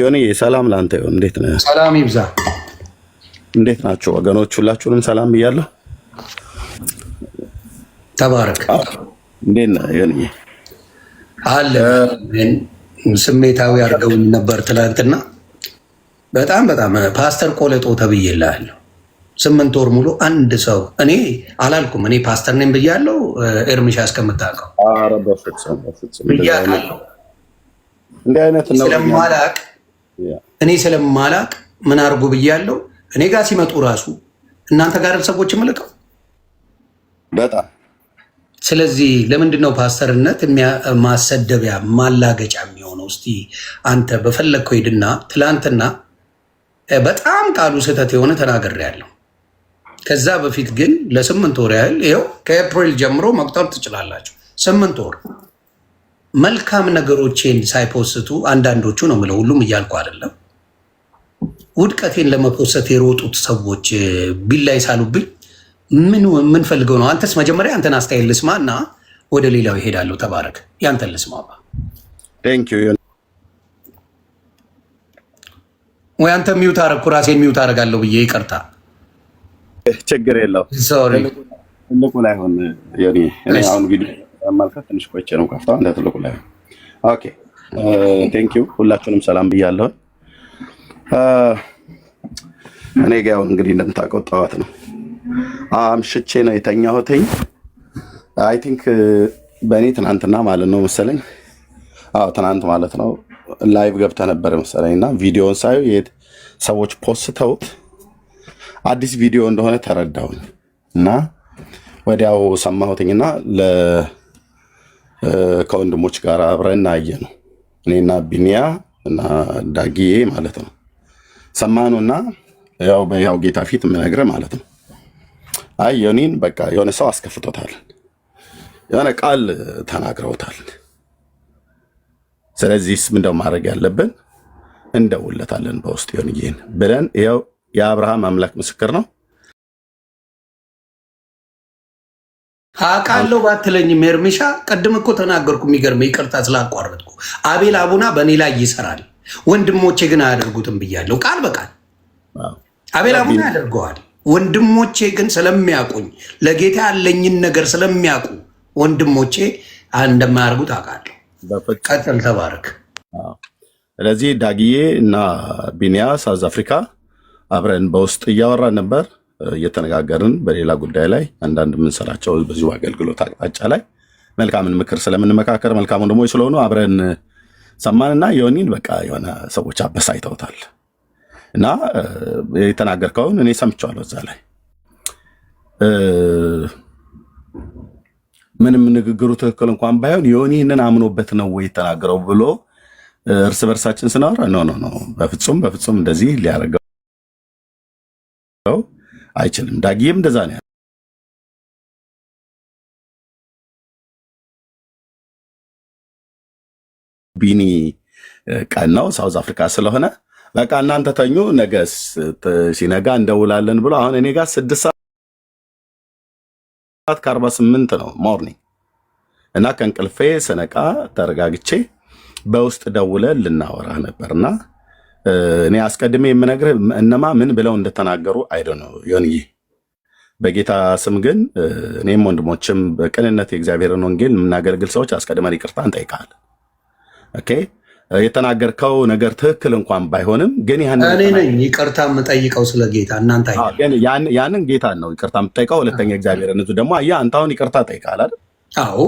ዮኒ ሰላም ለአንተ ይሆን። እንዴት ነህ? ሰላም ይብዛ። እንዴት ናቸው ወገኖች? ሁላችሁንም ሰላም ብያለሁ። ተባረክ። እንዴት ነህ? ዮኒ? አለ ስሜታዊ አድርገውኝ ነበር ትላንትና። በጣም በጣም ፓስተር ቆለጦ ተብዬልሃለሁ። ስምንት ወር ሙሉ አንድ ሰው እኔ አላልኩም። እኔ ፓስተር ነኝ ብያለሁ። ኤርሚሻ እስከምታውቀው ብያለሁ። ስለማላቅ እኔ ስለማላቅ ምን አድርጉ ብያለው። እኔ ጋር ሲመጡ ራሱ እናንተ ጋር ሰዎች ምልቀው በጣም ስለዚህ ለምንድን ነው ፓስተርነት ማሰደቢያ ማላገጫ የሚሆነው? እስቲ አንተ በፈለግከው ሄድና ትላንትና በጣም ቃሉ ስህተት የሆነ ተናግሬያለሁ። ከዛ በፊት ግን ለስምንት ወር ያህል ይኸው ከኤፕሪል ጀምሮ መቁጠር ትችላላችሁ። ስምንት ወር መልካም ነገሮቼን ሳይፖስቱ አንዳንዶቹ ነው ምለው ሁሉም እያልኩ አይደለም። ውድቀቴን ለመፖሰት የሮጡት ሰዎች ቢላይ ሳሉብኝ ምን የምንፈልገው ነው? አንተስ መጀመሪያ አንተን አስተያየት ልስማ እና ወደ ሌላው ይሄዳለሁ። ተባረክ። ያንተን ልስማ ወይ አንተ ሚውት አረግኩ ራሴን ሚውት አረጋለሁ ብዬ ይቅርታ። ችግር የለው። ትልቁ ላይሆን ሆን ማልካት ትንሽ ቆይቼ ነው ካፍታ እንደ ትልቁ ላይ ኦኬ ቴንክ ዩ ሁላችሁንም ሰላም ብያለሁ። እኔ ጋ እንግዲህ እንደምታውቀው ጠዋት ነው አምሽቼ ነው የተኛሁትኝ። አይ ቲንክ በእኔ ትናንትና ማለት ነው መሰለኝ፣ አዎ ትናንት ማለት ነው ላይቭ ገብተ ነበር መሰለኝ እና ቪዲዮን ሳዩ የት ሰዎች ፖስተውት አዲስ ቪዲዮ እንደሆነ ተረዳሁኝ እና ወዲያው ሰማሁትኝና ከወንድሞች ጋር አብረን አየ ነው እኔና ቢኒያ እና ዳጊዬ ማለት ነው ሰማኑና ያው በያው ጌታ ፊት የምነግርህ ማለት ነው። አይ የኔን በቃ የሆነ ሰው አስከፍቶታል፣ የሆነ ቃል ተናግረውታል። ስለዚህስ ምንደው ማድረግ ያለብን እንደውለታለን በውስጥ ዮኒን ብለን ያው የአብርሃም አምላክ ምስክር ነው። አውቃለሁ ባትለኝ ሄርሜሻ ቅድም እኮ ተናገርኩ። የሚገርመ ይቅርታ ስላቋረጥኩ አቤል አቡና በእኔ ላይ ይሰራል፣ ወንድሞቼ ግን አያደርጉትም ብያለሁ ቃል በቃል። አቤል አቡና ያደርገዋል። ወንድሞቼ ግን ስለሚያውቁኝ ለጌታ ያለኝን ነገር ስለሚያውቁ ወንድሞቼ እንደማያደርጉት አውቃለሁ። ቀጥል፣ ተባረክ። ስለዚህ ዳግዬ እና ቢኒያ ሳውዝ አፍሪካ አብረን በውስጥ እያወራን ነበር። እየተነጋገርን በሌላ ጉዳይ ላይ አንዳንድ የምንሰራቸው በዚሁ አገልግሎት አቅጣጫ ላይ መልካምን ምክር ስለምንመካከር መልካሙን ደግሞ ስለሆኑ አብረን ሰማንና ዮኒን በቃ የሆነ ሰዎች አበሳይተውታል እና የተናገርከውን እኔ ሰምቼዋለሁ። እዛ ላይ ምንም ንግግሩ ትክክል እንኳን ባይሆን ዮኒ ይህንን አምኖበት ነው ወይ የተናገረው ብሎ እርስ በርሳችን ስናወራ ኖ ኖ ኖ፣ በፍጹም በፍጹም እንደዚህ ሊያደርገው አይችልም። ዳግዬም እንደዛ ነው። ቢኒ ቀን ነው ሳውዝ አፍሪካ ስለሆነ በቃ እናንተ ተኙ፣ ነገ ሲነጋ እንደውላለን ብሎ አሁን እኔ ጋር ስድስት ሰዓት ከአርባ ስምንት ነው ሞርኒንግ እና ከእንቅልፌ ስነቃ ተረጋግቼ በውስጥ ደውለን ልናወራ ነበርና እኔ አስቀድሜ የምነግርህ እነማ ምን ብለው እንደተናገሩ አይደ ነው ዮኒ። በጌታ ስም ግን እኔም ወንድሞችም በቅንነት የእግዚአብሔርን ወንጌል የምናገለግል ሰዎች አስቀድመን ይቅርታ እንጠይቃለን። ኦኬ የተናገርከው ነገር ትክክል እንኳን ባይሆንም ግን ያንን ይቅርታ የምጠይቀው ስለ ጌታ እናንተ ያንን ጌታ ነው ይቅርታ የምጠይቀው። ሁለተኛ እግዚአብሔር እዙ ደግሞ አየህ አንተ አሁን ይቅርታ ጠይቃል አይደል? አዎ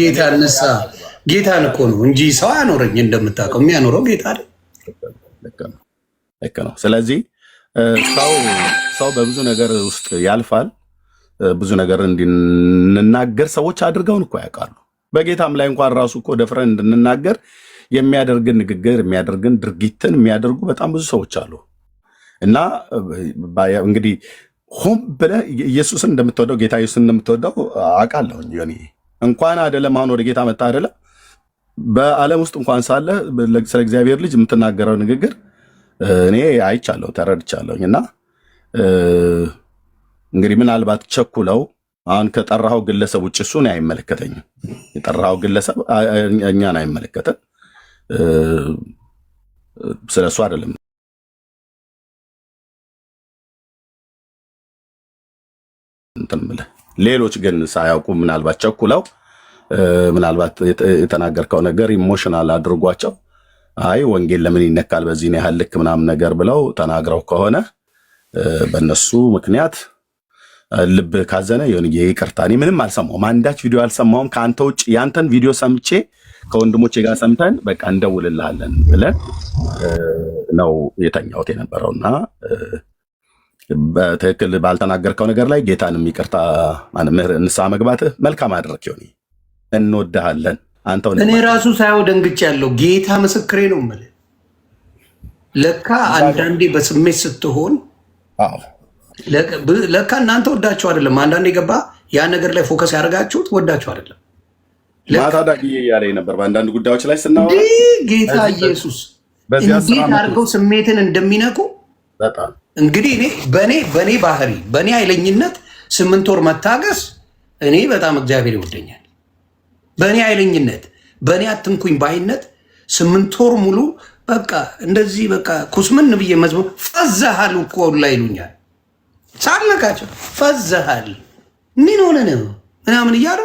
ጌታ እነሳ ጌታን እኮ ነው እንጂ ሰው አያኖረኝ እንደምታውቀው የሚያኖረው ጌታ አይደል? ልክ ነው። ስለዚህ ሰው በብዙ ነገር ውስጥ ያልፋል። ብዙ ነገር እንድንናገር ሰዎች አድርገውን እኮ ያውቃሉ። በጌታም ላይ እንኳን ራሱ እኮ ደፍረን እንድንናገር የሚያደርግን ንግግር የሚያደርግን ድርጊትን የሚያደርጉ በጣም ብዙ ሰዎች አሉ እና እንግዲህ ሆም ብለህ ኢየሱስን እንደምትወደው ጌታ ኢየሱስን እንደምትወደው አውቃለሁ። እንኳን አደለም አሁን ወደ ጌታ መጣ አደለም በዓለም ውስጥ እንኳን ሳለ ስለ እግዚአብሔር ልጅ የምትናገረው ንግግር እኔ አይቻለሁ ተረድቻለሁኝ። እና እንግዲህ ምናልባት ቸኩለው አሁን ከጠራው ግለሰብ ውጭ እሱ እኔ አይመለከተኝም። የጠራው ግለሰብ እኛን አይመለከተን፣ ስለ እሱ አይደለም። ሌሎች ግን ሳያውቁ ምናልባት ቸኩለው ምናልባት የተናገርከው ነገር ኢሞሽናል አድርጓቸው አይ ወንጌል ለምን ይነካል በዚህን ያህል ልክ ምናምን ነገር ብለው ተናግረው ከሆነ በእነሱ ምክንያት ልብ ካዘነ የሆንዬ ይቅርታ። እኔ ምንም አልሰማሁም፣ አንዳች ቪዲዮ አልሰማሁም ከአንተ ውጭ። ያንተን ቪዲዮ ሰምቼ ከወንድሞቼ ጋር ሰምተን በቃ እንደውልልሃለን ብለን ነው የተኛሁት የነበረውና በትክክል ባልተናገርከው ነገር ላይ ጌታንም ይቅርታ ንስሐ መግባትህ መልካም አድረግ ይሆን እንወድሃለን። እኔ ራሱ ሳየው ደንግጬ ያለው ጌታ ምስክሬ ነው የምልህ። ለካ አንዳንዴ በስሜት ስትሆን ለካ እናንተ ወዳችሁ አይደለም። አንዳንዴ ገባ ያ ነገር ላይ ፎከስ ያደርጋችሁት ወዳችሁ አይደለም። ማታ ዳግዬ እያለ ነበር በአንዳንድ ጉዳዮች ላይ ስናወራ ጌታ ኢየሱስ እንዴት አድርገው ስሜትን እንደሚነቁ እንግዲህ እኔ በእኔ በእኔ ባህሪ በእኔ አይለኝነት ስምንት ወር መታገስ እኔ በጣም እግዚአብሔር ይወደኛል። በእኔ አይለኝነት በእኔ አትንኩኝ ባይነት ስምንት ወር ሙሉ በቃ እንደዚህ በቃ ኩስምን ብዬ መዝሙ ፈዘሃል እኮ ሁላ ይሉኛል። ሳልነቃቸው ፈዘሃል፣ ምን ሆነ ነው ምናምን እያሉ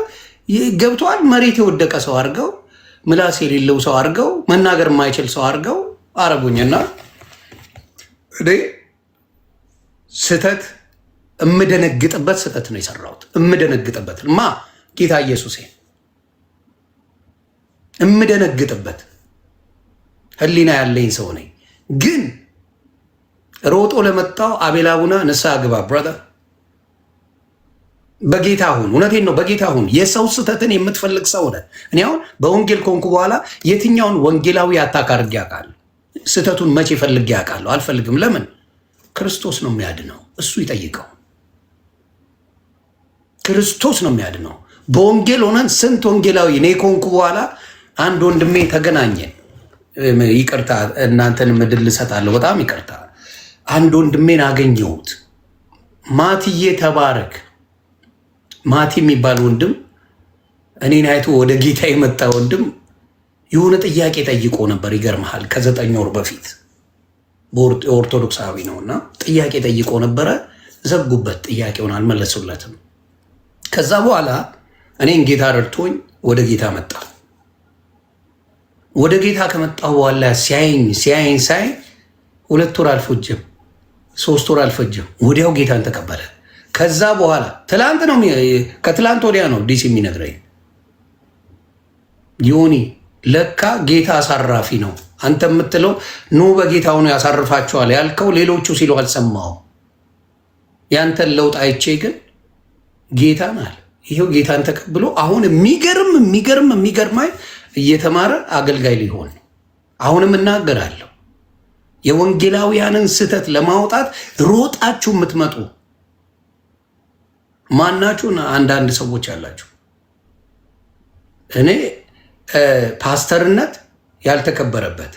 ገብተዋል። መሬት የወደቀ ሰው አድርገው፣ ምላስ የሌለው ሰው አድርገው፣ መናገር የማይችል ሰው አድርገው አረጉኝና እኔ ስህተት እምደነግጥበት ስህተት ነው የሰራሁት። እምደነግጥበት ማ ጌታ ኢየሱሴን እምደነግጥበት ህሊና ያለኝ ሰው ነኝ። ግን ሮጦ ለመጣው አቤል አቡና ንስሓ ግባ ብራዘር፣ በጌታ ሁን። እውነቴን ነው፣ በጌታ ሁን። የሰው ስህተትን የምትፈልግ ሰው ነህ። እኔ አሁን በወንጌል ኮንኩ በኋላ የትኛውን ወንጌላዊ አታክ አድርጌ አውቃለሁ? ስህተቱን መቼ ፈልጌ አውቃለሁ? አልፈልግም። ለምን? ክርስቶስ ነው የሚያድነው። እሱ ይጠይቀው። ክርስቶስ ነው የሚያድነው። በወንጌል ሆነን ስንት ወንጌላዊ እኔ ኮንኩ በኋላ አንድ ወንድሜ ተገናኘን። ይቅርታ እናንተን ምድል ልሰጣለሁ። በጣም ይቅርታ። አንድ ወንድሜን አገኘሁት። ማትዬ ተባረክ። ማቲ የሚባል ወንድም እኔን አይቶ ወደ ጌታ የመጣ ወንድም የሆነ ጥያቄ ጠይቆ ነበር። ይገርመሃል፣ ከዘጠኝ ወር በፊት ኦርቶዶክሳዊ ነው እና ጥያቄ ጠይቆ ነበረ። ዘጉበት፣ ጥያቄውን አልመለሱለትም። ከዛ በኋላ እኔን ጌታ ረድቶኝ ወደ ጌታ መጣ። ወደ ጌታ ከመጣሁ በኋላ ሲያየኝ ሲያየኝ ሳይ ሁለት ወር አልፈጀም፣ ሶስት ወር አልፈጀም። ወዲያው ጌታን ተቀበለ። ከዛ በኋላ ትላንት ነው ከትላንት ወዲያ ነው ዲስ የሚነግረኝ ዮኒ ለካ ጌታ አሳራፊ ነው። አንተ የምትለው ኑ በጌታ ሆኖ ያሳርፋቸዋል ያልከው ሌሎቹ ሲሉ አልሰማሁም። ያንተን ለውጥ አይቼ ግን ጌታን አለ። ይኸው ጌታን ተቀብሎ አሁን የሚገርም የሚገርም የሚገርማይ እየተማረ አገልጋይ ሊሆን አሁንም እናገራለሁ። የወንጌላውያንን ስህተት ለማውጣት ሮጣችሁ የምትመጡ ማናችሁ? አንዳንድ ሰዎች አላችሁ። እኔ ፓስተርነት ያልተከበረበት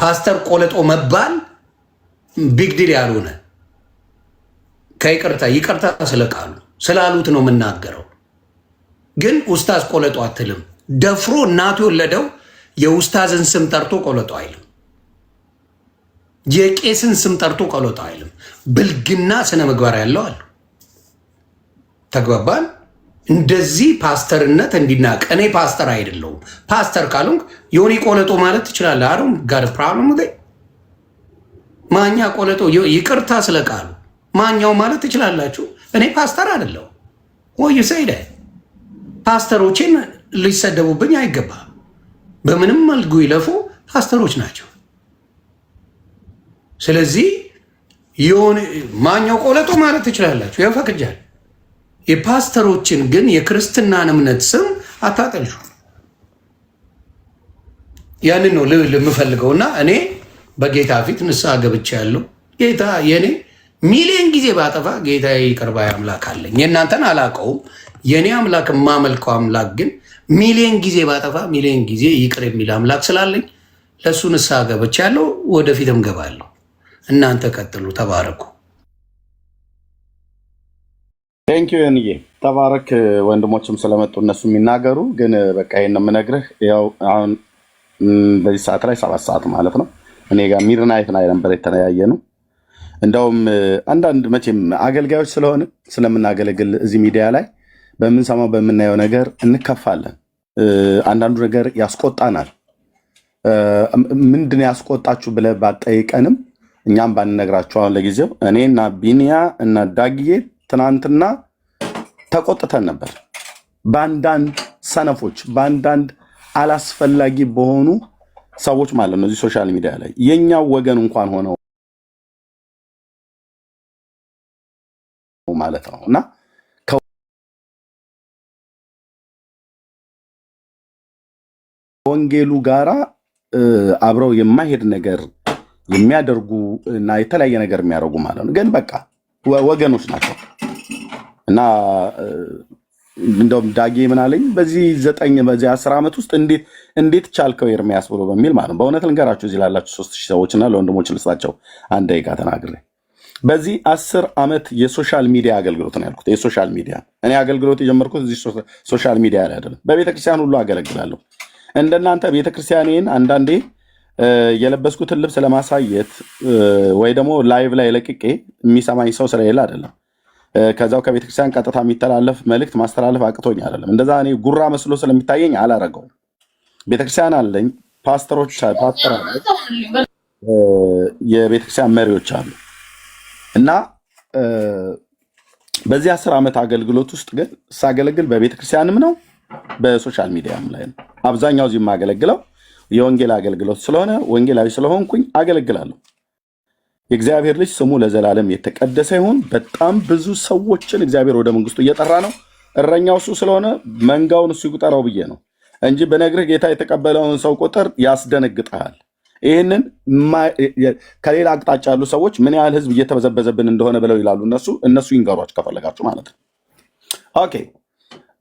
ፓስተር ቆለጦ መባል ቢግድል ያልሆነ ከይቅርታ ይቅርታ ስለቃሉ ስላሉት ነው የምናገረው። ግን ኡስታዝ ቆለጦ አትልም። ደፍሮ እናቱ የወለደው የውስታዝን ስም ጠርቶ ቆለጦ አይልም። የቄስን ስም ጠርቶ ቆለጦ አይልም። ብልግና ስነ ምግባር ያለው አሉ። ተግባባን። እንደዚህ ፓስተርነት እንዲናቅ እኔ ፓስተር አይደለሁም። ፓስተር ካሉን የሆኔ ቆለጦ ማለት ትችላለህ። አሁን ጋር ፕራብለም ማኛ ቆለጦ ይቅርታ ስለቃሉ ማኛው ማለት ትችላላችሁ። እኔ ፓስተር አይደለሁም። ወይ ሰይደ ፓስተሮችን ሊሰደቡብኝ አይገባም። በምንም መልጉ ይለፉ ፓስተሮች ናቸው። ስለዚህ የሆነ ማኛው ቆለጦ ማለት ትችላላችሁ፣ ፈቅጃል። የፓስተሮችን ግን የክርስትናን እምነት ስም አታጠልሹ። ያንን ነው የምፈልገው እና እኔ በጌታ ፊት ንስሐ ገብቼ ያለው ጌታ የኔ ሚሊዮን ጊዜ ባጠፋ ጌታ ይቅር ባይ አምላክ አለኝ። የእናንተን አላውቀውም። የእኔ አምላክ የማመልከው አምላክ ግን ሚሊየን ጊዜ ባጠፋ ሚሊየን ጊዜ ይቅር የሚል አምላክ ስላለኝ ለእሱ ንስሐ ገብቻለሁ፣ ወደፊትም ገባለሁ። እናንተ ቀጥሉ፣ ተባረኩ። ቴንኪዩ ንዬ ተባረክ። ወንድሞችም ስለመጡ እነሱ የሚናገሩ ግን በቃ ይህን የምነግርህ ያው አሁን በዚህ ሰዓት ላይ ሰባት ሰዓት ማለት ነው። እኔ ጋር ሚድናይት ላይ ነበር የተለያየ ነው። እንደውም አንዳንድ መቼም አገልጋዮች ስለሆነ ስለምናገለግል እዚህ ሚዲያ ላይ በምንሰማው በምናየው ነገር እንከፋለን። አንዳንዱ ነገር ያስቆጣናል። ምንድን ያስቆጣችሁ ብለ ባጠይቀንም እኛም ባንነግራቸው ለጊዜው እኔ እና ቢኒያ እና ዳግዬ ትናንትና ተቆጥተን ነበር በአንዳንድ ሰነፎች፣ በአንዳንድ አላስፈላጊ በሆኑ ሰዎች ማለት ነው። እዚህ ሶሻል ሚዲያ ላይ የእኛው ወገን እንኳን ሆነው ማለት ነው እና ከወንጌሉ ጋራ አብረው የማይሄድ ነገር የሚያደርጉ እና የተለያየ ነገር የሚያደርጉ ማለት ነው። ግን በቃ ወገኖች ናቸው እና እንደውም ዳጌ ምናለኝ በዚህ ዘጠኝ በዚህ አስር ዓመት ውስጥ እንዴት ቻልከው ኤርሚያስ ብሎ በሚል ማለት ነው። በእውነት ልንገራችሁ እዚህ ላላችሁ ሶስት ሺህ ሰዎች እና ለወንድሞች ልስጣቸው አንድ ደቂቃ ተናግሬ በዚህ አስር ዓመት የሶሻል ሚዲያ አገልግሎት ነው ያልኩት። የሶሻል ሚዲያ እኔ አገልግሎት የጀመርኩት እዚህ ሶሻል ሚዲያ ላይ አይደለም። በቤተክርስቲያን ሁሉ አገለግላለሁ። እንደናንተ ቤተክርስቲያኔን አንዳንዴ የለበስኩትን ልብስ ለማሳየት ወይ ደግሞ ላይቭ ላይ ለቅቄ የሚሰማኝ ሰው ስለሌለ አይደለም። ከዛው ከቤተክርስቲያን ቀጥታ የሚተላለፍ መልእክት ማስተላለፍ አቅቶኝ አይደለም። እንደዛ እኔ ጉራ መስሎ ስለሚታየኝ አላረገውም። ቤተክርስቲያን አለኝ፣ ፓስተሮች ፓስተር አለ፣ የቤተክርስቲያን መሪዎች አሉ እና በዚህ አስር ዓመት አገልግሎት ውስጥ ግን ሳገለግል በቤተክርስቲያንም ነው በሶሻል ሚዲያም ላይ ነው። አብዛኛው እዚህ የማገለግለው የወንጌል አገልግሎት ስለሆነ ወንጌላዊ ስለሆንኩኝ አገለግላለሁ። የእግዚአብሔር ልጅ ስሙ ለዘላለም የተቀደሰ ይሁን። በጣም ብዙ ሰዎችን እግዚአብሔር ወደ መንግስቱ እየጠራ ነው። እረኛው እሱ ስለሆነ መንጋውን እሱ ይቁጠረው ብዬ ነው እንጂ በነግርህ ጌታ የተቀበለውን ሰው ቁጥር ያስደነግጠሃል። ይህንን ከሌላ አቅጣጫ ያሉ ሰዎች ምን ያህል ህዝብ እየተበዘበዘብን እንደሆነ ብለው ይላሉ። እነሱ እነሱ ይንገሯቸው ከፈለጋችሁ ማለት ነው። ኦኬ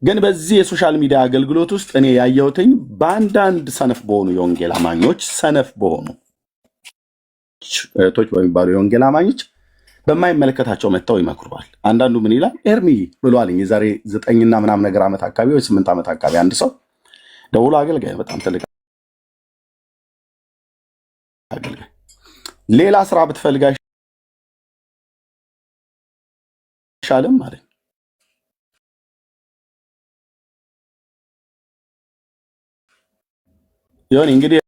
ግን በዚህ የሶሻል ሚዲያ አገልግሎት ውስጥ እኔ ያየሁትኝ በአንዳንድ ሰነፍ በሆኑ የወንጌል አማኞች ሰነፍ በሆኑ እህቶች በሚባሉ የወንጌል አማኞች በማይመለከታቸው መጥተው ይመክሯል። አንዳንዱ ምን ይላል? ኤርሚ ብሎ አለኝ የዛሬ ዘጠኝና ምናምን ነገር ዓመት አካባቢ ወይ ስምንት ዓመት አካባቢ አንድ ሰው ደውሎ አገልጋይ፣ በጣም ትልቅ አገልጋይ፣ ሌላ ስራ ብትፈልጋ አይሻልም አለኝ። ይሁን እንግዲህ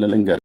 ልንገር